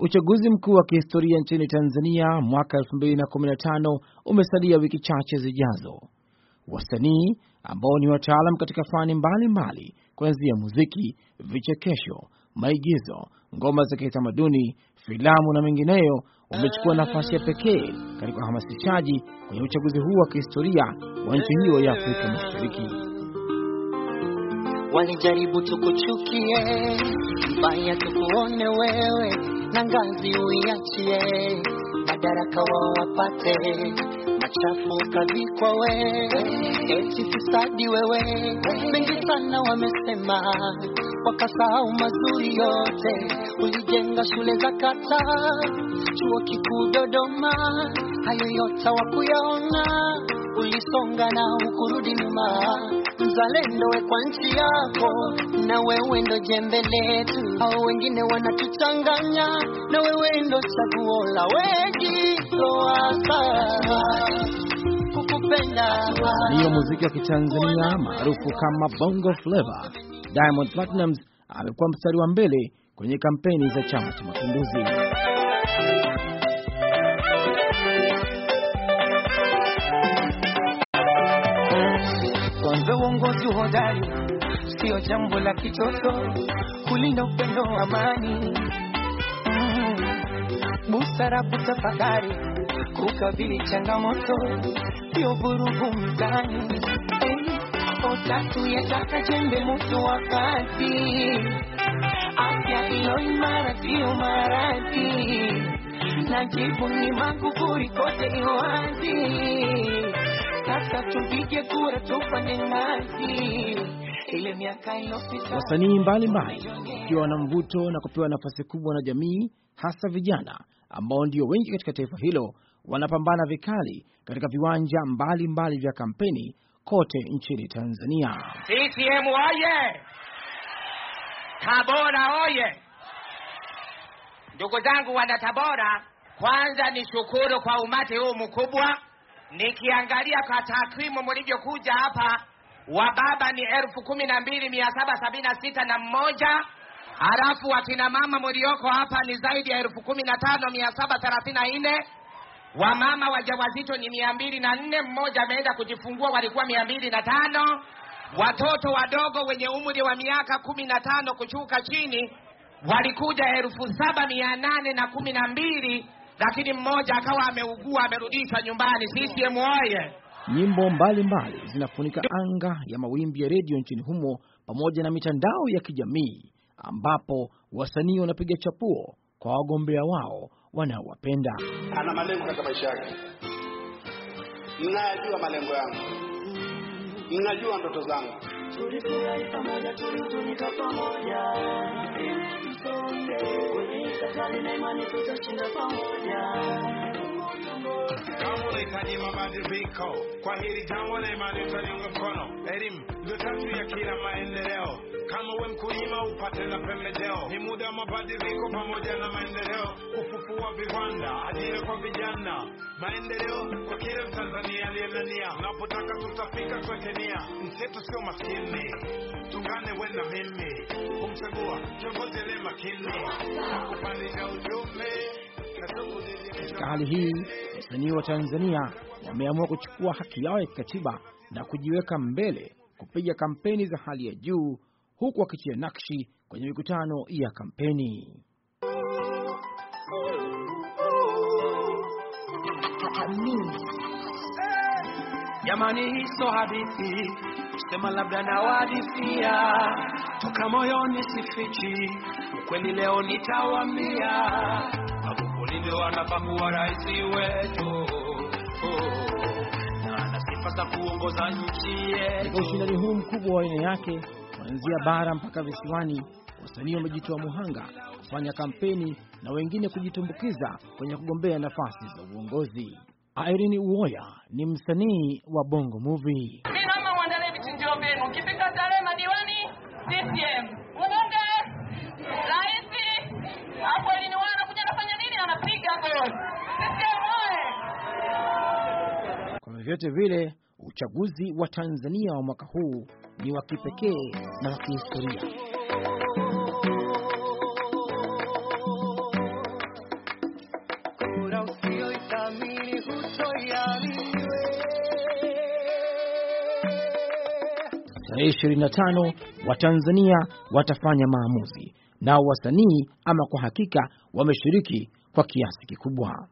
Uchaguzi mkuu wa kihistoria nchini Tanzania mwaka 2015 umesalia wiki chache zijazo. Wasanii ambao ni wataalam katika fani mbalimbali kuanzia muziki, vichekesho, maigizo, ngoma za kitamaduni, filamu na mengineyo wamechukua nafasi ya pekee katika uhamasishaji kwenye uchaguzi huu wa kihistoria wa nchi hiyo ya Afrika Mashariki. Walijaribu tukuchukie, mbaya tukuone wewe na ngazi uiachie, madaraka wawapate, machafu kwa we, eti fisadi wewe. Mengi sana wamesema, wakasahau mazuri yote. Ulijenga shule za kata, chuo kikuu Dodoma hayo yote wakuyaona, ulisonga na ukurudi nyuma. Mzalendo we kwa nchi yako, na wewe ndo jembe letu. Hao wengine wanatuchanganya, na wewe ndo chaguo la wengi. hiyo muziki wa Kitanzania maarufu kama Bongo Flava. Diamond Platnumz amekuwa mstari wa mbele kwenye kampeni za Chama cha Mapinduzi. hodari, sio jambo la kichoto kulinda upendo wa amani, mm, busara kutafakari, kukabili changamoto, sio vurugu mtaani, hey, yataka jembe moto wakati afya ilo imara sio maradhi, na jibu ni makufuri kote iwazi Wasanii mbalimbali wakiwa na mvuto na kupewa nafasi kubwa na jamii, hasa vijana ambao ndio wengi katika taifa hilo, wanapambana vikali katika viwanja mbalimbali mbali vya kampeni kote nchini Tanzania. CCM oye! Tabora oye! Ndugu zangu wana Tabora, kwanza ni shukuru kwa umati huu mkubwa nikiangalia kwa takwimu mlivyokuja hapa, wa baba ni elfu kumi na mbili mia saba sabini na sita na mmoja halafu wakina mama mlioko hapa ni zaidi ya elfu kumi na tano mia saba thelathini na nne wamama wajawazito ni mia mbili na nne mmoja ameenda kujifungua, walikuwa mia mbili na tano Watoto wadogo wenye umri wa miaka kumi na tano kuchuka chini walikuja elfu saba mia nane na kumi na mbili lakini mmoja akawa ameugua amerudishwa nyumbani. Sisi emuoye Nyimbo mbalimbali zinafunika anga ya mawimbi ya redio nchini humo pamoja na mitandao ya kijamii ambapo wasanii wanapiga chapuo kwa wagombea wao wanaowapenda. Ana malengo katika maisha yake, mnayajua malengo yangu mnajua ndoto zangu. Tulifurahi pamoja, tulihuzunika pamoja, kwenye safari na imani, tutashinda pamoja. nahitaji mabadiliko. Kwa hili jambo imani nitaliunga mkono. Elimu ndio chachu ya kila maendeleo. Kama we mkulima upate na pembejeo, ni muda wa mabadiliko pamoja na maendeleo, kufufua viwanda, ajira kwa vijana, maendeleo kwa kila Mtanzania aliyelania. Unapotaka tutafika, tuweke nia. Nchi yetu sio maskini, tungane we na mimi kumchagua kiongozi aliye makini kupandisha uchumi katika hali hii, wasanii wa Tanzania wameamua kuchukua haki yao ya kikatiba na kujiweka mbele kupiga kampeni za hali ya juu, huku wakitia nakshi kwenye mikutano ya kampeni. Jamani, hizo hadithi sema labda nawadifia toka moyoni, sifichi ukweli, leo nitawambia ndivyo anafakuwa rais wetu oh, Katika ushindani huu mkubwa wa aina yake, kuanzia bara mpaka visiwani, wasanii wamejitoa muhanga kufanya kampeni na wengine kujitumbukiza kwenye kugombea nafasi za uongozi. Irene Uwoya ni msanii wa Bongo Movie. Mimi naomba muandalie vichinjio vyenu, ukifika tarehe madiwani CCM vyote vile, uchaguzi wa Tanzania wa mwaka huu ni wa kipekee na wa kihistoria. Tarehe 25 Watanzania watafanya maamuzi, nao wasanii ama kwa hakika wameshiriki kwa kiasi kikubwa.